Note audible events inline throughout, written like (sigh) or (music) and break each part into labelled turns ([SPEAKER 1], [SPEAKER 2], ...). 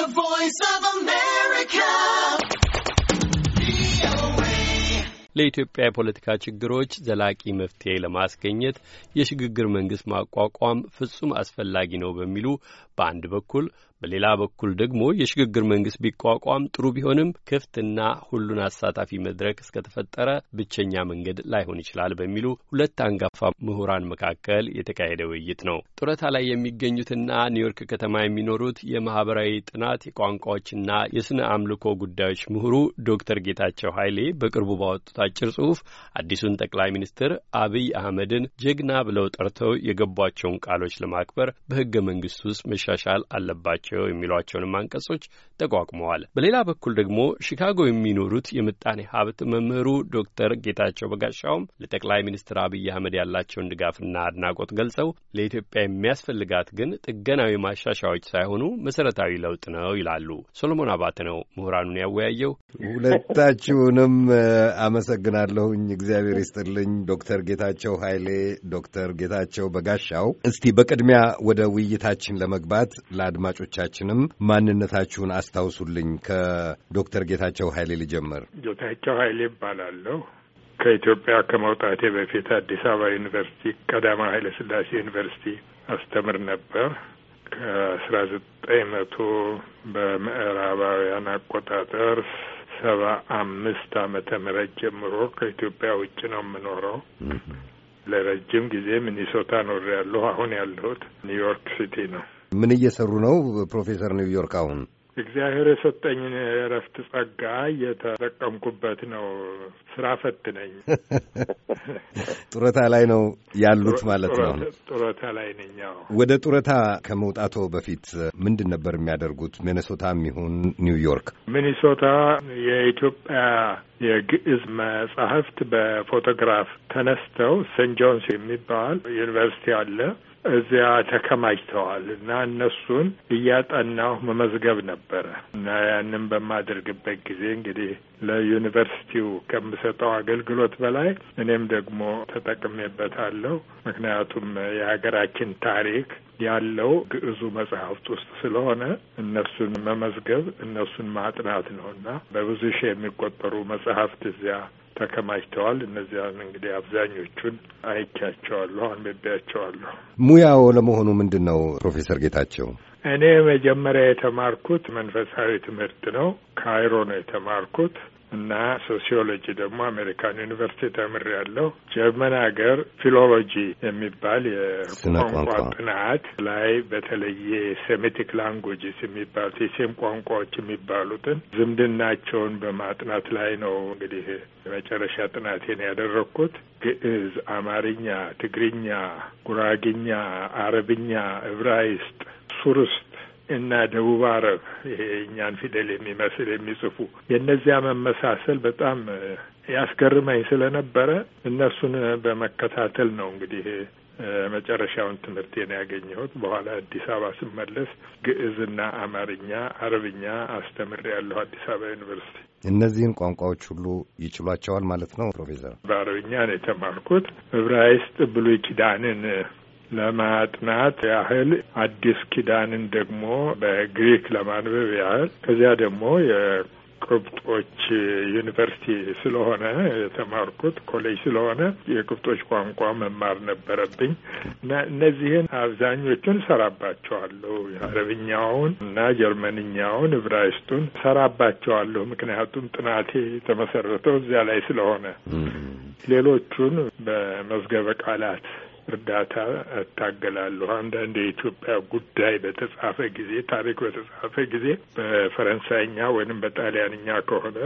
[SPEAKER 1] The Voice of America.
[SPEAKER 2] ለኢትዮጵያ የፖለቲካ ችግሮች ዘላቂ መፍትሄ ለማስገኘት የሽግግር መንግስት ማቋቋም ፍጹም አስፈላጊ ነው በሚሉ በአንድ በኩል በሌላ በኩል ደግሞ የሽግግር መንግስት ቢቋቋም ጥሩ ቢሆንም ክፍትና ሁሉን አሳታፊ መድረክ እስከተፈጠረ ብቸኛ መንገድ ላይሆን ይችላል በሚሉ ሁለት አንጋፋ ምሁራን መካከል የተካሄደ ውይይት ነው። ጡረታ ላይ የሚገኙትና ኒውዮርክ ከተማ የሚኖሩት የማህበራዊ ጥናት የቋንቋዎችና የስነ አምልኮ ጉዳዮች ምሁሩ ዶክተር ጌታቸው ኃይሌ በቅርቡ ባወጡት አጭር ጽሁፍ አዲሱን ጠቅላይ ሚኒስትር አብይ አህመድን ጀግና ብለው ጠርተው የገቧቸውን ቃሎች ለማክበር በህገ መንግስት ውስጥ መሻሻል አለባቸው ናቸው የሚሏቸውንም አንቀጾች ተቋቁመዋል። በሌላ በኩል ደግሞ ሺካጎ የሚኖሩት የምጣኔ ሀብት መምህሩ ዶክተር ጌታቸው በጋሻውም ለጠቅላይ ሚኒስትር አብይ አህመድ ያላቸውን ድጋፍና አድናቆት ገልጸው ለኢትዮጵያ የሚያስፈልጋት ግን ጥገናዊ ማሻሻያዎች ሳይሆኑ መሰረታዊ ለውጥ ነው ይላሉ። ሶሎሞን አባተ ነው ምሁራኑን ያወያየው።
[SPEAKER 1] ሁለታችሁንም አመሰግናለሁኝ። እግዚአብሔር ይስጥልኝ። ዶክተር ጌታቸው ኃይሌ፣ ዶክተር ጌታቸው በጋሻው። እስቲ በቅድሚያ ወደ ውይይታችን ለመግባት ለአድማጮች አድማጮቻችንም ማንነታችሁን አስታውሱልኝ። ከዶክተር ጌታቸው ኃይሌ ልጀምር።
[SPEAKER 3] ጌታቸው ኃይሌ ይባላለሁ። ከኢትዮጵያ ከመውጣቴ በፊት አዲስ አበባ ዩኒቨርሲቲ ቀዳማ ኃይለ ስላሴ ዩኒቨርሲቲ አስተምር ነበር። ከአስራ ዘጠኝ መቶ በምዕራባውያን አቆጣጠር ሰባ አምስት ዓመተ ምህረት ጀምሮ ከኢትዮጵያ ውጭ ነው የምኖረው። ለረጅም ጊዜ ሚኒሶታ ኖር ያለሁ። አሁን ያለሁት ኒውዮርክ ሲቲ ነው።
[SPEAKER 1] ምን እየሰሩ ነው ፕሮፌሰር ኒውዮርክ? አሁን
[SPEAKER 3] እግዚአብሔር የሰጠኝን እረፍት ጸጋ እየተጠቀምኩበት ነው። ስራ ፈት ነኝ። (laughs)
[SPEAKER 1] ጡረታ ላይ ነው ያሉት ማለት ነው?
[SPEAKER 3] ጡረታ ላይ ነኛው።
[SPEAKER 1] ወደ ጡረታ ከመውጣቶ በፊት ምንድን ነበር የሚያደርጉት? ሚኔሶታ የሚሆን ኒውዮርክ?
[SPEAKER 3] ሚኒሶታ የኢትዮጵያ የግዕዝ መጽሐፍት በፎቶግራፍ ተነስተው ሴንት ጆንስ የሚባል ዩኒቨርሲቲ አለ እዚያ ተከማችተዋል እና እነሱን እያጠናሁ መመዝገብ ነበረ እና ያንን በማደርግበት ጊዜ እንግዲህ ለዩኒቨርሲቲው ከምሰጠው አገልግሎት በላይ እኔም ደግሞ ተጠቅሜበታለሁ። ምክንያቱም የሀገራችን ታሪክ ያለው ግዕዙ መጽሐፍት ውስጥ ስለሆነ እነሱን መመዝገብ፣ እነሱን ማጥናት ነው እና በብዙ ሺህ የሚቆጠሩ መጽሐፍት እዚያ ተከማችተዋል። እነዚያን እንግዲህ አብዛኞቹን አይቻቸዋለሁ፣ አንብቤያቸዋለሁ።
[SPEAKER 1] ሙያው ለመሆኑ ምንድን ነው ፕሮፌሰር ጌታቸው?
[SPEAKER 3] እኔ መጀመሪያ የተማርኩት መንፈሳዊ ትምህርት ነው። ካይሮ ነው የተማርኩት። እና ሶሲዮሎጂ ደግሞ አሜሪካን ዩኒቨርሲቲ ተምሬያለሁ። ጀርመን ሀገር ፊሎሎጂ የሚባል የቋንቋ ጥናት ላይ በተለየ ሴሜቲክ ላንጉጅስ የሚባሉት የሴም ቋንቋዎች የሚባሉትን ዝምድናቸውን በማጥናት ላይ ነው እንግዲህ የመጨረሻ ጥናቴን ያደረግኩት። ግዕዝ፣ አማርኛ፣ ትግርኛ፣ ጉራግኛ፣ አረብኛ፣ እብራይስጥ፣ ሱርስት እና ደቡብ አረብ ይሄ እኛን ፊደል የሚመስል የሚጽፉ የእነዚያ መመሳሰል በጣም ያስገርመኝ ስለነበረ እነሱን በመከታተል ነው እንግዲህ መጨረሻውን ትምህርቴን ያገኘሁት። በኋላ አዲስ አበባ ስመለስ ግዕዝና አማርኛ፣ አረብኛ አስተምር ያለሁ አዲስ አበባ ዩኒቨርሲቲ።
[SPEAKER 1] እነዚህን ቋንቋዎች ሁሉ ይችሏቸዋል ማለት ነው ፕሮፌሰር?
[SPEAKER 3] በአረብኛ ነው የተማርኩት። ዕብራይስጥ ብሉይ ኪዳንን ለማጥናት ያህል አዲስ ኪዳንን ደግሞ በግሪክ ለማንበብ ያህል ከዚያ ደግሞ የቅብጦች ዩኒቨርሲቲ ስለሆነ የተማርኩት ኮሌጅ ስለሆነ የቅብጦች ቋንቋ መማር ነበረብኝ እና እነዚህን አብዛኞቹን ሰራባቸዋለሁ። አረብኛውን እና ጀርመንኛውን፣ እብራይስጡን ሰራባቸዋለሁ። ምክንያቱም ጥናቴ የተመሰረተው እዚያ ላይ ስለሆነ ሌሎቹን በመዝገበ ቃላት እርዳታ እታገላለሁ። አንዳንድ የኢትዮጵያ ጉዳይ በተጻፈ ጊዜ ታሪክ በተጻፈ ጊዜ በፈረንሳይኛ ወይንም በጣሊያንኛ ከሆነ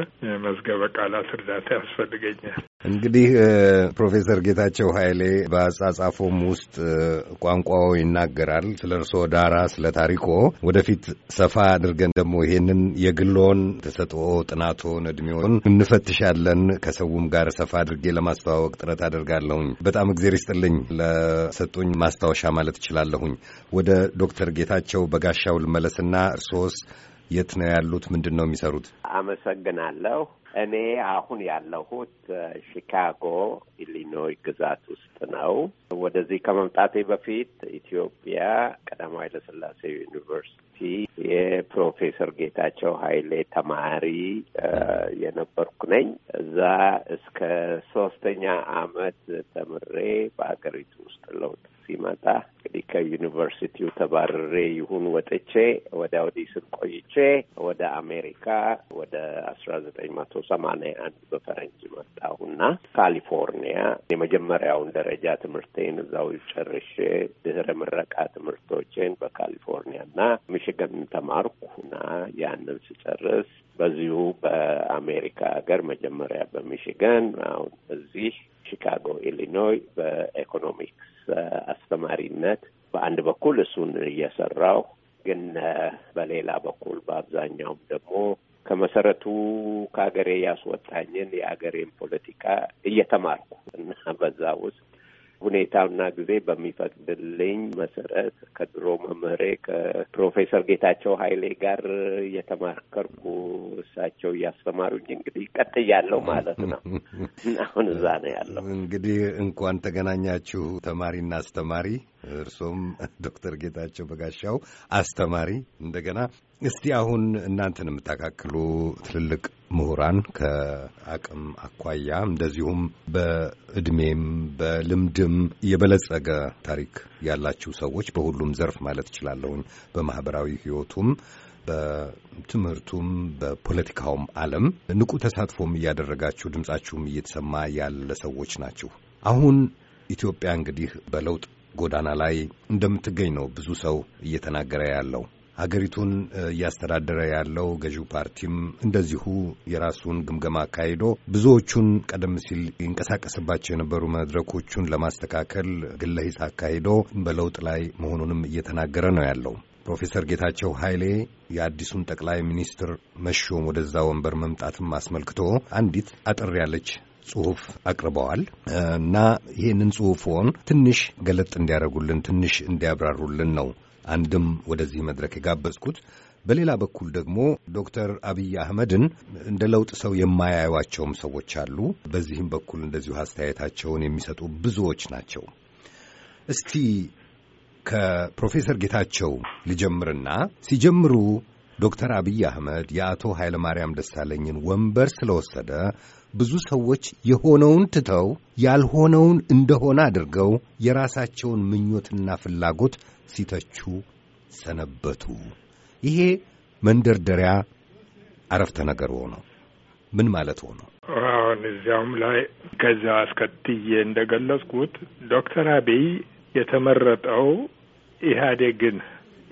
[SPEAKER 3] መዝገበ ቃላት እርዳታ ያስፈልገኛል።
[SPEAKER 1] እንግዲህ ፕሮፌሰር ጌታቸው ኃይሌ በአጻጻፎም ውስጥ ቋንቋው ይናገራል። ስለ እርስዎ ዳራ፣ ስለ ታሪኮ ወደፊት ሰፋ አድርገን ደግሞ ይሄንን የግሎን ተሰጥኦ ጥናቶን፣ እድሜውን እንፈትሻለን። ከሰውም ጋር ሰፋ አድርጌ ለማስተዋወቅ ጥረት አደርጋለሁኝ። በጣም እግዜር ይስጥልኝ ለሰጡኝ ማስታወሻ ማለት እችላለሁኝ። ወደ ዶክተር ጌታቸው በጋሻው ልመለስና እርስዎስ የት ነው ያሉት? ምንድን ነው የሚሰሩት?
[SPEAKER 4] አመሰግናለሁ። እኔ አሁን ያለሁት ሺካጎ ኢሊኖይ ግዛት ውስጥ ነው። ወደዚህ ከመምጣቴ በፊት ኢትዮጵያ ቀዳማዊ ኃይለስላሴ ዩኒቨርሲቲ የፕሮፌሰር ጌታቸው ኃይሌ ተማሪ የነበርኩ ነኝ። እዛ እስከ ሶስተኛ አመት ተምሬ በሀገሪቱ ውስጥ ለውጥ ሲመጣ እንግዲህ ከዩኒቨርሲቲው ተባርሬ ይሁን ወጥቼ ወደ አውዲ ስር ቆይቼ ወደ አሜሪካ ወደ አስራ ዘጠኝ መቶ ሰማንያ አንድ በፈረንጅ መጣሁና ካሊፎርኒያ የመጀመሪያውን ደረጃ ትምህርቴን እዛው ጨርሼ ድህረ ምረቃ ትምህርቶቼን በካሊፎርኒያና ሚሽገን ተማርኩና ያንን ስጨርስ በዚሁ በአሜሪካ ሀገር መጀመሪያ በሚሽገን አሁን እዚህ ቺካጎ ኢሊኖይ በኢኮኖሚክስ አስተማሪነት በአንድ በኩል እሱን እየሰራው ግን በሌላ በኩል በአብዛኛውም ደግሞ ከመሰረቱ ከሀገሬ ያስወጣኝን የሀገሬን ፖለቲካ እየተማርኩ እና በዛ ውስጥ ሁኔታውና ጊዜ በሚፈቅድልኝ መሰረት ከድሮ መምህሬ ከፕሮፌሰር ጌታቸው ኃይሌ ጋር እየተማከርኩ እሳቸው እያስተማሩኝ እንግዲህ ቀጥያለሁ ማለት ነው። አሁን እዛ ነው ያለው።
[SPEAKER 1] እንግዲህ እንኳን ተገናኛችሁ ተማሪና አስተማሪ። እርሶም ዶክተር ጌታቸው በጋሻው አስተማሪ። እንደገና እስቲ አሁን እናንተን የምታካክሉ ትልልቅ ምሁራን ከአቅም አኳያ እንደዚሁም በእድሜም በልምድም የበለጸገ ታሪክ ያላችሁ ሰዎች በሁሉም ዘርፍ ማለት እችላለሁን በማህበራዊ ህይወቱም በትምህርቱም በፖለቲካውም ዓለም ንቁ ተሳትፎም እያደረጋችሁ ድምጻችሁም እየተሰማ ያለ ሰዎች ናችሁ። አሁን ኢትዮጵያ እንግዲህ በለውጥ ጎዳና ላይ እንደምትገኝ ነው ብዙ ሰው እየተናገረ ያለው። ሀገሪቱን እያስተዳደረ ያለው ገዢው ፓርቲም እንደዚሁ የራሱን ግምገማ አካሂዶ ብዙዎቹን ቀደም ሲል ይንቀሳቀስባቸው የነበሩ መድረኮቹን ለማስተካከል ግለ ሂስ አካሂዶ በለውጥ ላይ መሆኑንም እየተናገረ ነው ያለው። ፕሮፌሰር ጌታቸው ኃይሌ የአዲሱን ጠቅላይ ሚኒስትር መሾም ወደዛ ወንበር መምጣትም አስመልክቶ አንዲት አጠር ያለች ጽሁፍ አቅርበዋል እና ይህንን ጽሁፍን ትንሽ ገለጥ እንዲያደርጉልን ትንሽ እንዲያብራሩልን ነው አንድም ወደዚህ መድረክ የጋበዝኩት በሌላ በኩል ደግሞ ዶክተር አብይ አህመድን እንደ ለውጥ ሰው የማያዩቸውም ሰዎች አሉ። በዚህም በኩል እንደዚሁ አስተያየታቸውን የሚሰጡ ብዙዎች ናቸው። እስቲ ከፕሮፌሰር ጌታቸው ልጀምርና ሲጀምሩ ዶክተር አብይ አህመድ የአቶ ኃይለማርያም ደሳለኝን ወንበር ስለወሰደ ብዙ ሰዎች የሆነውን ትተው ያልሆነውን እንደሆነ አድርገው የራሳቸውን ምኞትና ፍላጎት ሲተቹ ሰነበቱ። ይሄ መንደርደሪያ አረፍተ ነገር ሆኖ ምን ማለት ሆኖ
[SPEAKER 3] አሁን እዚያውም ላይ ከዛ አስከትዬ እንደገለጽኩት ዶክተር አብይ የተመረጠው ኢህአዴግን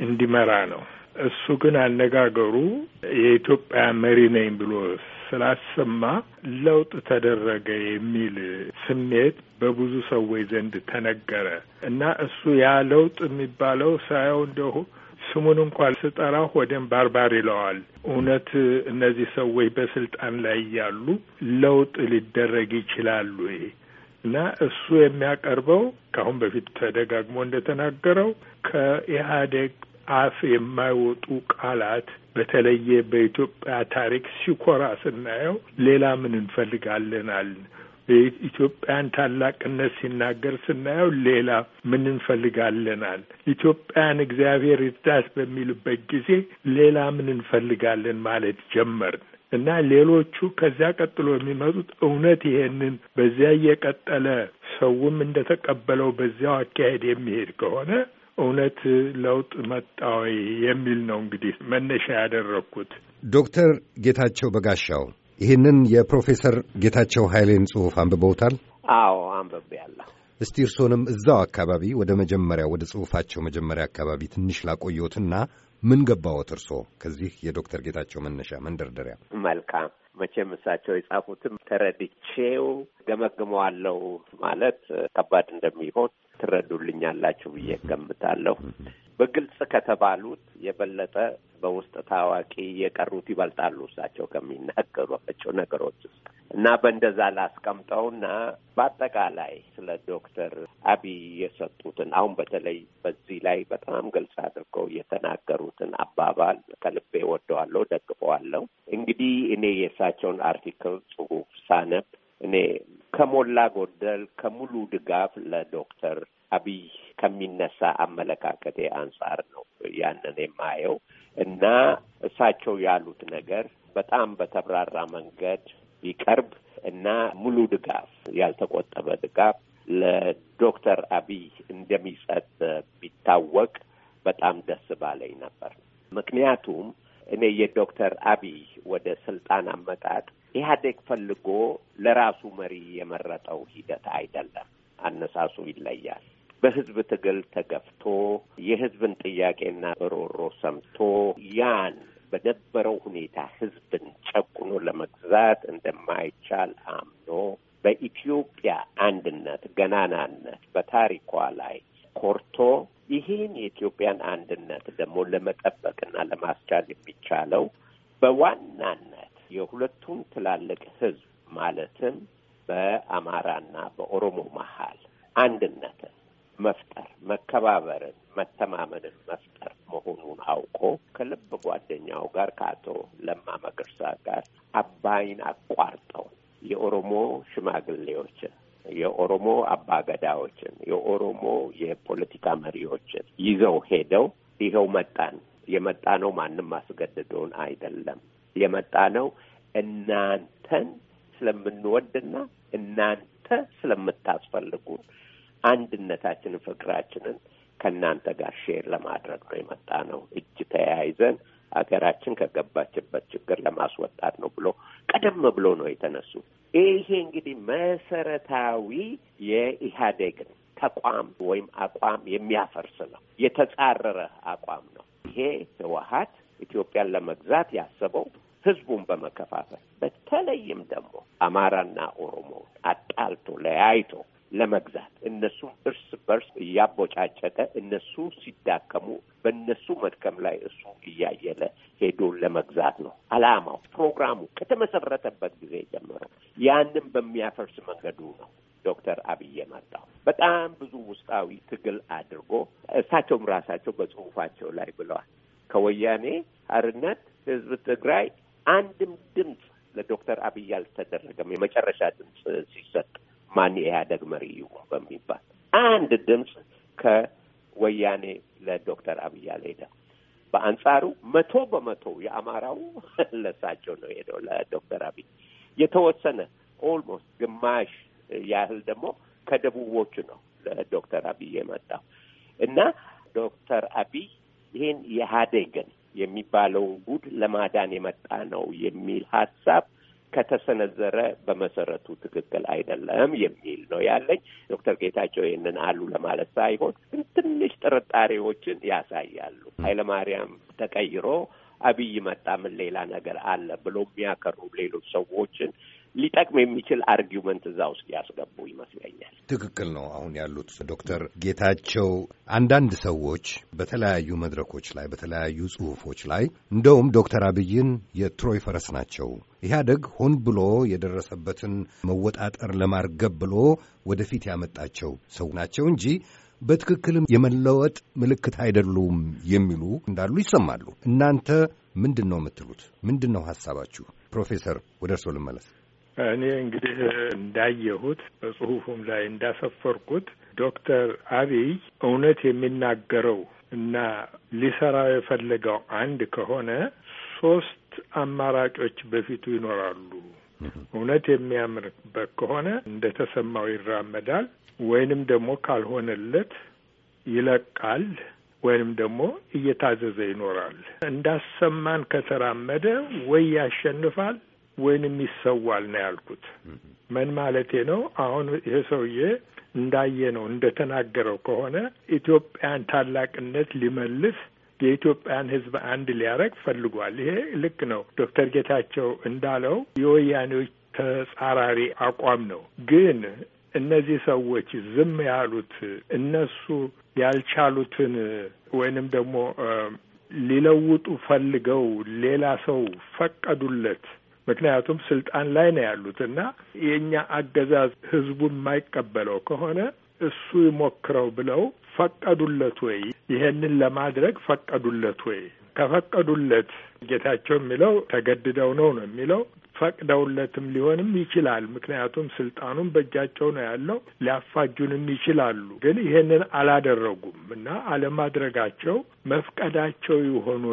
[SPEAKER 3] እንዲመራ ነው። እሱ ግን አነጋገሩ የኢትዮጵያ መሪ ነኝ ብሎ ስላሰማ ለውጥ ተደረገ የሚል ስሜት በብዙ ሰዎች ዘንድ ተነገረ እና እሱ ያ ለውጥ የሚባለው ሳየው እንደሁ ስሙን እንኳን ስጠራው ወደን ባርባር ይለዋል። እውነት እነዚህ ሰዎች በስልጣን ላይ ያሉ ለውጥ ሊደረግ ይችላሉ እና እሱ የሚያቀርበው ከአሁን በፊት ተደጋግሞ እንደተናገረው ከኢህአዴግ አፍ የማይወጡ ቃላት በተለየ በኢትዮጵያ ታሪክ ሲኮራ ስናየው ሌላ ምን እንፈልጋለናል? የኢትዮጵያን ታላቅነት ሲናገር ስናየው ሌላ ምን እንፈልጋለናል? ኢትዮጵያን እግዚአብሔር ይርዳት በሚልበት ጊዜ ሌላ ምን እንፈልጋለን ማለት ጀመርን እና ሌሎቹ ከዚያ ቀጥሎ የሚመጡት እውነት ይሄንን በዚያ እየቀጠለ ሰውም እንደተቀበለው በዚያው አካሄድ የሚሄድ ከሆነ እውነት ለውጥ መጣ ወይ የሚል ነው እንግዲህ መነሻ ያደረግኩት።
[SPEAKER 1] ዶክተር ጌታቸው በጋሻው ይህንን የፕሮፌሰር ጌታቸው ኃይሌን ጽሑፍ አንብበውታል?
[SPEAKER 4] አዎ አንብቤያለሁ።
[SPEAKER 1] እስቲ እርሶንም እዛው አካባቢ ወደ መጀመሪያ ወደ ጽሑፋቸው መጀመሪያ አካባቢ ትንሽ ላቆየትና ምን ገባዎት እርሶ ከዚህ የዶክተር ጌታቸው መነሻ መንደርደሪያ?
[SPEAKER 4] መልካም መቼም እሳቸው የጻፉትም ተረድቼው ገመግመዋለው ማለት ከባድ እንደሚሆን ትረዱልኛላችሁ ብዬ ገምታለሁ። በግልጽ ከተባሉት የበለጠ በውስጥ ታዋቂ የቀሩት ይበልጣሉ እሳቸው ከሚናገሯቸው ነገሮች ውስጥ እና በእንደዛ ላስቀምጠውና በአጠቃላይ ስለ ዶክተር አብይ የሰጡትን አሁን በተለይ በዚህ ላይ በጣም ግልጽ አድርገው የተናገሩትን አባባል ከልቤ ወደዋለሁ፣ ደግፈዋለሁ። እንግዲህ እኔ የሰ የእሳቸውን አርቲክል ጽሁፍ ሳነብ እኔ ከሞላ ጎደል ከሙሉ ድጋፍ ለዶክተር አብይ ከሚነሳ አመለካከቴ አንጻር ነው ያንን የማየው እና እሳቸው ያሉት ነገር በጣም በተብራራ መንገድ ቢቀርብ እና ሙሉ ድጋፍ ያልተቆጠበ ድጋፍ ለዶክተር አብይ እንደሚሰጥ ቢታወቅ በጣም ደስ ባለኝ ነበር። ምክንያቱም እኔ የዶክተር አብይ ወደ ስልጣን አመጣጥ ኢህአዴግ ፈልጎ ለራሱ መሪ የመረጠው ሂደት አይደለም። አነሳሱ ይለያል። በህዝብ ትግል ተገፍቶ የህዝብን ጥያቄና ሮሮ ሰምቶ ያን በነበረው ሁኔታ ህዝብን ጨቁኖ ለመግዛት እንደማይቻል አምኖ በኢትዮጵያ አንድነት ገናናነት በታሪኳ ላይ ኮርቶ ይህን የኢትዮጵያን አንድነት ደግሞ ለመጠበቅና ለማስቻል የሚቻለው በዋናነት የሁለቱም ትላልቅ ህዝብ ማለትም በአማራና በኦሮሞ መሀል አንድነትን መፍጠር መከባበርን፣ መተማመንን መፍጠር መሆኑን አውቆ ከልብ ጓደኛው ጋር ከአቶ ለማ መገርሳ ጋር አባይን አቋርጠው የኦሮሞ ሽማግሌዎችን የኦሮሞ አባገዳዎችን፣ የኦሮሞ የፖለቲካ መሪዎችን ይዘው ሄደው ይኸው መጣን። የመጣ ነው ማንም አስገድዶን አይደለም። የመጣ ነው እናንተን ስለምንወድና እናንተ ስለምታስፈልጉን አንድነታችንን፣ ፍቅራችንን ከእናንተ ጋር ሼር ለማድረግ ነው የመጣ ነው። እጅ ተያይዘን ሀገራችን ከገባችበት ችግር ለማስወጣት ነው ብሎ ቀደም ብሎ ነው የተነሱት። ይሄ እንግዲህ መሰረታዊ የኢህአዴግን ተቋም ወይም አቋም የሚያፈርስ ነው። የተጻረረ አቋም ነው። ይሄ ህወሀት ኢትዮጵያን ለመግዛት ያሰበው ህዝቡን በመከፋፈል በተለይም ደግሞ አማራና ኦሮሞውን አጣልቶ ለያይቶ ለመግዛት እነሱ እርስ በርስ እያቦጫጨቀ እነሱ ሲዳከሙ በእነሱ መድከም ላይ እሱ እያየለ ሄዶ ለመግዛት ነው አላማው። ፕሮግራሙ ከተመሰረተበት ጊዜ ጀምሮ ያንን በሚያፈርስ መንገዱ ነው ዶክተር አብይ የመጣው። በጣም ብዙ ውስጣዊ ትግል አድርጎ እሳቸውም ራሳቸው በጽሁፋቸው ላይ ብለዋል። ከወያኔ አርነት ህዝብ ትግራይ አንድም ድምፅ ለዶክተር አብይ አልተደረገም። የመጨረሻ ድምፅ ሲሰጥ ማን የኢህአደግ መሪ በሚባል አንድ ድምፅ ከወያኔ ለዶክተር አብይ አልሄደም። በአንጻሩ መቶ በመቶ የአማራው (laughs) ለሳቸው ነው ሄደው ለዶክተር አብይ የተወሰነ ኦልሞስት ግማሽ ያህል ደግሞ ከደቡቦቹ ነው ለዶክተር አብይ የመጣው እና ዶክተር አብይ ይህን የኢህአዴግን የሚባለውን ጉድ ለማዳን የመጣ ነው የሚል ሀሳብ ከተሰነዘረ በመሰረቱ ትክክል አይደለም የሚል ነው ያለኝ። ዶክተር ጌታቸው ይህንን አሉ ለማለት ሳይሆን
[SPEAKER 1] ግን ትንሽ
[SPEAKER 4] ጥርጣሬዎችን ያሳያሉ። ኃይለማርያም ተቀይሮ አብይ መጣ ምን ሌላ ነገር አለ ብሎ የሚያከሩ ሌሎች ሰዎችን ሊጠቅም የሚችል አርጊመንት እዛ ውስጥ ያስገቡ ይመስለኛል።
[SPEAKER 1] ትክክል ነው። አሁን ያሉት ዶክተር ጌታቸው አንዳንድ ሰዎች በተለያዩ መድረኮች ላይ በተለያዩ ጽሁፎች ላይ እንደውም ዶክተር አብይን የትሮይ ፈረስ ናቸው ኢህአደግ ሆን ብሎ የደረሰበትን መወጣጠር ለማርገብ ብሎ ወደፊት ያመጣቸው ሰው ናቸው እንጂ በትክክልም የመለወጥ ምልክት አይደሉም የሚሉ እንዳሉ ይሰማሉ። እናንተ ምንድን ነው የምትሉት? ምንድን ነው ሀሳባችሁ? ፕሮፌሰር ወደ እርስዎ ልመለስ።
[SPEAKER 3] እኔ እንግዲህ እንዳየሁት በጽሁፉም ላይ እንዳሰፈርኩት ዶክተር አብይ እውነት የሚናገረው እና ሊሰራው የፈለገው አንድ ከሆነ ሶስት አማራጮች በፊቱ ይኖራሉ። እውነት የሚያምርበት ከሆነ እንደ ተሰማው ይራመዳል፣ ወይንም ደግሞ ካልሆነለት ይለቃል፣ ወይንም ደግሞ እየታዘዘ ይኖራል። እንዳሰማን ከተራመደ ወይ ያሸንፋል ወይንም ይሰዋል ነው ያልኩት። ምን ማለቴ ነው? አሁን ይሄ ሰውዬ እንዳየ ነው እንደተናገረው ከሆነ ኢትዮጵያን ታላቅነት ሊመልስ የኢትዮጵያን ሕዝብ አንድ ሊያደርግ ፈልጓል። ይሄ ልክ ነው። ዶክተር ጌታቸው እንዳለው የወያኔዎች ተጻራሪ አቋም ነው። ግን እነዚህ ሰዎች ዝም ያሉት እነሱ ያልቻሉትን ወይንም ደግሞ ሊለውጡ ፈልገው ሌላ ሰው ፈቀዱለት ምክንያቱም ስልጣን ላይ ነው ያሉት እና የእኛ አገዛዝ ህዝቡን የማይቀበለው ከሆነ እሱ ይሞክረው ብለው ፈቀዱለት ወይ? ይሄንን ለማድረግ ፈቀዱለት ወይ? ከፈቀዱለት ጌታቸው የሚለው ተገድደው ነው ነው የሚለው ፈቅደውለትም ሊሆንም ይችላል። ምክንያቱም ስልጣኑን በእጃቸው ነው ያለው። ሊያፋጁንም ይችላሉ። ግን ይሄንን አላደረጉም እና አለማድረጋቸው መፍቀዳቸው ይሆኑ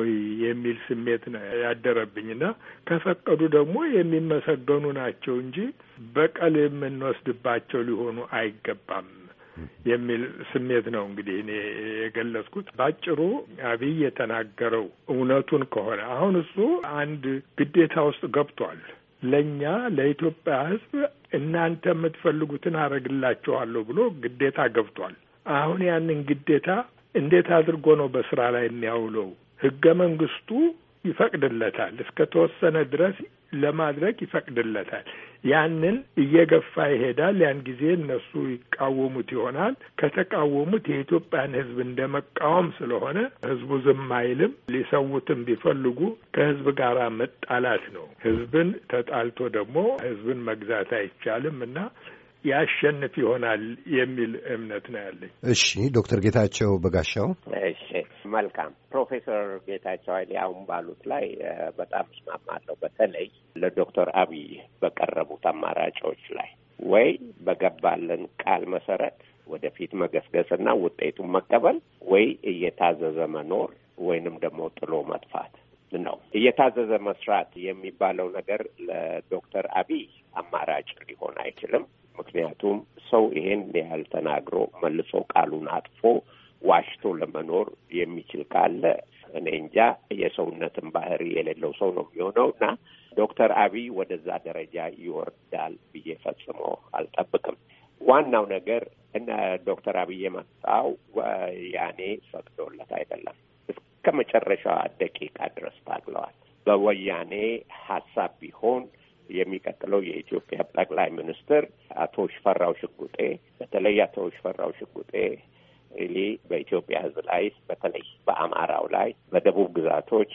[SPEAKER 3] የሚል ስሜት ነው ያደረብኝ እና ከፈቀዱ ደግሞ የሚመሰገኑ ናቸው እንጂ በቀል የምንወስድባቸው ሊሆኑ አይገባም። የሚል ስሜት ነው እንግዲህ እኔ የገለጽኩት። ባጭሩ አብይ የተናገረው እውነቱን ከሆነ አሁን እሱ አንድ ግዴታ ውስጥ ገብቷል። ለእኛ ለኢትዮጵያ ሕዝብ እናንተ የምትፈልጉትን አረግላችኋለሁ ብሎ ግዴታ ገብቷል። አሁን ያንን ግዴታ እንዴት አድርጎ ነው በስራ ላይ የሚያውለው? ህገ መንግስቱ ይፈቅድለታል። እስከ ተወሰነ ድረስ ለማድረግ ይፈቅድለታል። ያንን እየገፋ ይሄዳል። ያን ጊዜ እነሱ ይቃወሙት ይሆናል። ከተቃወሙት የኢትዮጵያን ሕዝብ እንደ መቃወም ስለሆነ ሕዝቡ ዝም አይልም። ሊሰውትም ቢፈልጉ ከሕዝብ ጋር መጣላት ነው። ሕዝብን ተጣልቶ ደግሞ ሕዝብን መግዛት አይቻልም እና ያሸንፍ ይሆናል የሚል እምነት ነው ያለኝ።
[SPEAKER 1] እሺ ዶክተር ጌታቸው በጋሻው።
[SPEAKER 3] እሺ
[SPEAKER 4] መልካም ፕሮፌሰር ጌታቸው ኃይሌ አሁን ባሉት ላይ በጣም እስማማለሁ። በተለይ ለዶክተር አብይ በቀረቡት አማራጮች ላይ ወይ በገባልን ቃል መሰረት ወደፊት መገስገስና ውጤቱን መቀበል ወይ እየታዘዘ መኖር ወይንም ደግሞ ጥሎ መጥፋት ነው። እየታዘዘ መስራት የሚባለው ነገር ለዶክተር አብይ አማራጭ ሊሆን አይችልም። ምክንያቱም ሰው ይሄን ያህል ተናግሮ መልሶ ቃሉን አጥፎ ዋሽቶ ለመኖር የሚችል ካለ እኔ እንጃ የሰውነትን ባህሪ የሌለው ሰው ነው የሚሆነው እና ዶክተር አብይ ወደዛ ደረጃ ይወርዳል ብዬ ፈጽሞ አልጠብቅም። ዋናው ነገር እነ ዶክተር አብይ የመጣው ወያኔ ፈቅዶለት አይደለም። እስከ መጨረሻ ደቂቃ ድረስ ታግለዋል። በወያኔ ሀሳብ ቢሆን የሚቀጥለው የኢትዮጵያ ጠቅላይ ሚኒስትር አቶ ሽፈራው ሽጉጤ በተለይ አቶ ሽፈራው ሽጉጤ ኢሊ በኢትዮጵያ ሕዝብ ላይ በተለይ በአማራው ላይ በደቡብ ግዛቶች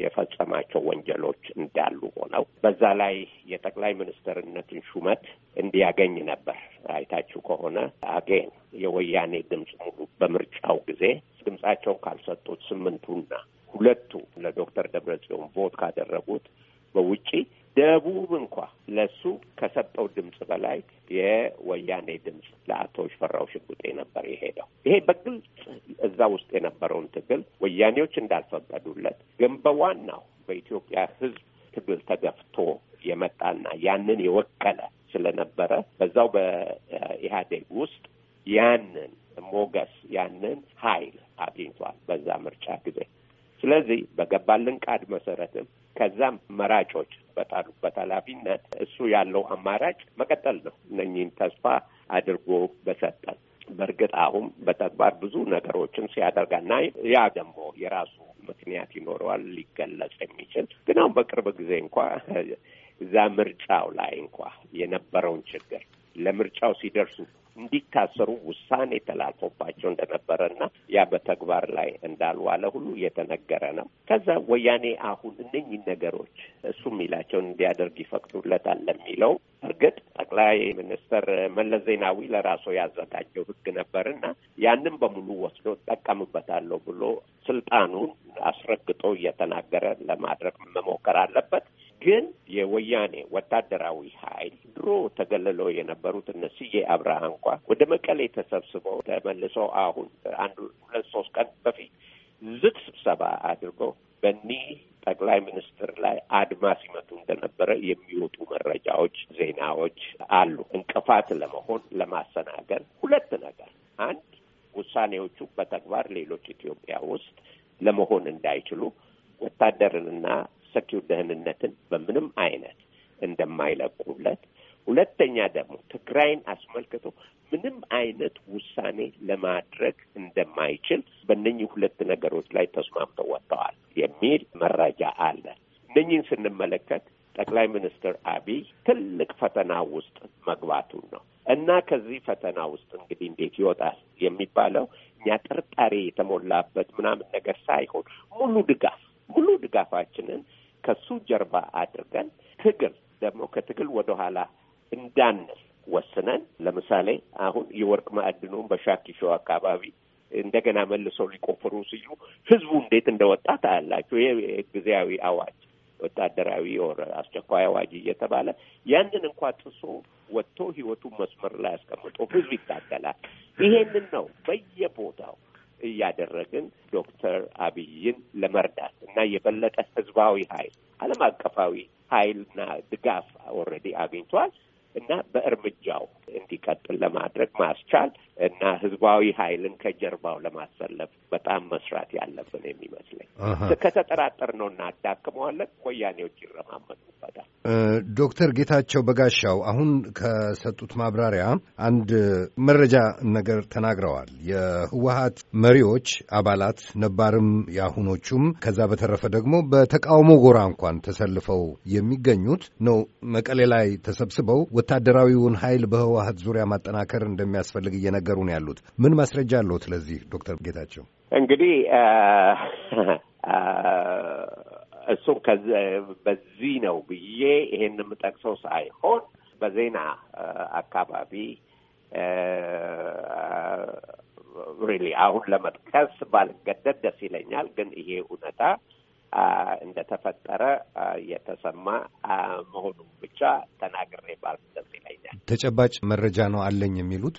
[SPEAKER 4] የፈጸማቸው ወንጀሎች እንዳሉ ሆነው በዛ ላይ የጠቅላይ ሚኒስትርነትን ሹመት እንዲያገኝ ነበር። አይታችሁ ከሆነ አጌን የወያኔ ድምፅ ሙሉ በምርጫው ጊዜ ድምጻቸውን ካልሰጡት ስምንቱና ላይ የወያኔ ድምፅ ለአቶ ሽፈራው ሽጉጤ ነበር የሄደው። ይሄ በግልጽ እዛ ውስጥ የነበረውን ትግል ወያኔዎች እንዳልፈቀዱለት ግን በዋናው በኢትዮጵያ ሕዝብ ትግል ተገፍቶ የመጣና ያንን የወከለ ስለነበረ በዛው በኢህአዴግ ውስጥ ያንን ሞገስ ያንን ኃይል አግኝቷል በዛ ምርጫ ጊዜ። ስለዚህ በገባልን ቃድ መሰረትም ከዛም መራጮች ባለበት ኃላፊነት እሱ ያለው አማራጭ መቀጠል ነው። እነኚህን ተስፋ አድርጎ በሰጠን በእርግጥ አሁን በተግባር ብዙ ነገሮችን ሲያደርጋና ያ ደግሞ የራሱ ምክንያት ይኖረዋል ሊገለጽ የሚችል ግን አሁን በቅርብ ጊዜ እንኳ እዛ ምርጫው ላይ እንኳ የነበረውን ችግር ለምርጫው ሲደርሱ እንዲታሰሩ ውሳኔ ተላልፎባቸው እንደነበረና ያ በተግባር ላይ እንዳልዋለ ሁሉ እየተነገረ ነው። ከዛ ወያኔ አሁን እነኚህ ነገሮች እሱ የሚላቸውን እንዲያደርግ ይፈቅዱለታል ለሚለው እርግጥ ጠቅላይ ሚኒስትር መለስ ዜናዊ ለራሱ ያዘጋጀው ሕግ ነበርና ያንን በሙሉ ወስዶ ጠቀምበታለሁ ብሎ ስልጣኑን አስረግጦ እየተናገረ ለማድረግ መሞከር አለበት። ግን የወያኔ ወታደራዊ ኃይል ድሮ ተገልለው የነበሩት እነ ስዬ አብርሃ እንኳ ወደ መቀሌ ተሰብስበው ተመልሰው አሁን አንድ ሁለት ሶስት ቀን በፊት ዝግ ስብሰባ አድርገው በኒህ ጠቅላይ ሚኒስትር ላይ አድማ ሲመቱ እንደነበረ የሚወጡ መረጃዎች፣ ዜናዎች አሉ። እንቅፋት ለመሆን ለማሰናገር ሁለት ነገር፣ አንድ ውሳኔዎቹ በተግባር ሌሎች ኢትዮጵያ ውስጥ ለመሆን እንዳይችሉ ወታደርንና ሰኪው ደህንነትን በምንም አይነት እንደማይለቁለት ሁለተኛ ደግሞ ትግራይን አስመልክቶ ምንም አይነት ውሳኔ ለማድረግ እንደማይችል በእነኚህ ሁለት ነገሮች ላይ ተስማምተው ወጥተዋል የሚል መረጃ አለ። እነኚህን ስንመለከት ጠቅላይ ሚኒስትር አብይ ትልቅ ፈተና ውስጥ መግባቱን ነው እና ከዚህ ፈተና ውስጥ እንግዲህ እንዴት ይወጣል የሚባለው እኛ ጥርጣሬ የተሞላበት ምናምን ነገር ሳይሆን ሙሉ ድጋፍ ሙሉ ድጋፋችንን ከሱ ጀርባ አድርገን ትግል ደግሞ ከትግል ወደ ኋላ እንዳንል ወስነን ለምሳሌ አሁን የወርቅ ማዕድኑን በሻኪሾ አካባቢ እንደገና መልሰው ሊቆፍሩ ሲሉ ህዝቡ እንዴት እንደወጣ ታያላችሁ። ይሄ ጊዜያዊ አዋጅ ወታደራዊ የሆነ አስቸኳይ አዋጅ እየተባለ ያንን እንኳ ጥሶ ወጥቶ ህይወቱን መስመር ላይ አስቀምጦ ህዝብ ይታገላል። ይሄንን ነው በየቦታው እያደረግን ዶክተር አብይን ለመርዳት እና የበለጠ ህዝባዊ ኃይል ዓለም አቀፋዊ ኃይልና ድጋፍ ኦልሬዲ አግኝቷል። እና በእርምጃው እንዲቀጥል ለማድረግ ማስቻል እና ህዝባዊ ኃይልን ከጀርባው ለማሰለፍ በጣም መስራት ያለብን የሚመስለኝ። ከተጠራጠር ነው እናዳክመዋለን፣ አዳክመዋለን። ወያኔዎች ይረማመጡበታል።
[SPEAKER 1] ዶክተር ጌታቸው በጋሻው አሁን ከሰጡት ማብራሪያ አንድ መረጃ ነገር ተናግረዋል። የህወሀት መሪዎች አባላት ነባርም የአሁኖቹም ከዛ በተረፈ ደግሞ በተቃውሞ ጎራ እንኳን ተሰልፈው የሚገኙት ነው መቀሌ ላይ ተሰብስበው ወታደራዊውን ኃይል በህ በህወሀት ዙሪያ ማጠናከር እንደሚያስፈልግ እየነገሩ ነው ያሉት። ምን ማስረጃ አለሁት ለዚህ ዶክተር ጌታቸው?
[SPEAKER 4] እንግዲህ እሱም በዚህ ነው ብዬ ይሄን የምጠቅሰው ሳይሆን በዜና አካባቢ ሪሊ አሁን ለመጥቀስ ባልገደድ ደስ ይለኛል፣ ግን ይሄ እውነታ እንደተፈጠረ የተሰማ መሆኑ ብቻ ተናግሬ ባልፍ ደስ
[SPEAKER 1] ይለኛል። ተጨባጭ መረጃ ነው አለኝ የሚሉት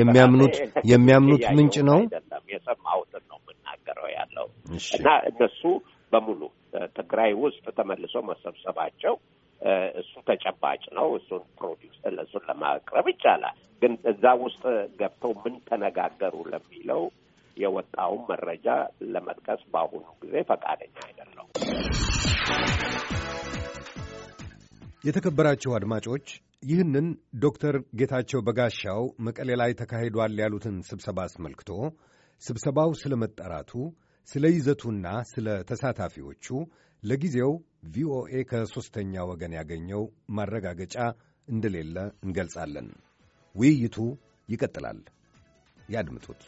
[SPEAKER 4] የሚያምኑት (laughs) የሚያምኑት ምንጭ ነው አይደለም፣ የሰማሁትን ነው የምናገረው ያለው እና እነሱ በሙሉ ትግራይ ውስጥ ተመልሶ መሰብሰባቸው እሱ ተጨባጭ ነው። እሱን ፕሮዲውስ እሱን ለማቅረብ ይቻላል። ግን እዛ ውስጥ ገብተው ምን ተነጋገሩ ለሚለው የወጣውን መረጃ ለመጥቀስ በአሁኑ ጊዜ ፈቃደኛ አይደለው
[SPEAKER 1] የተከበራችሁ አድማጮች ይህንን ዶክተር ጌታቸው በጋሻው መቀሌ ላይ ተካሂዷል ያሉትን ስብሰባ አስመልክቶ ስብሰባው ስለ መጠራቱ፣ ስለ ይዘቱና ስለ ተሳታፊዎቹ ለጊዜው ቪኦኤ ከሦስተኛ ወገን ያገኘው ማረጋገጫ እንደሌለ እንገልጻለን። ውይይቱ ይቀጥላል። ያድምጡት።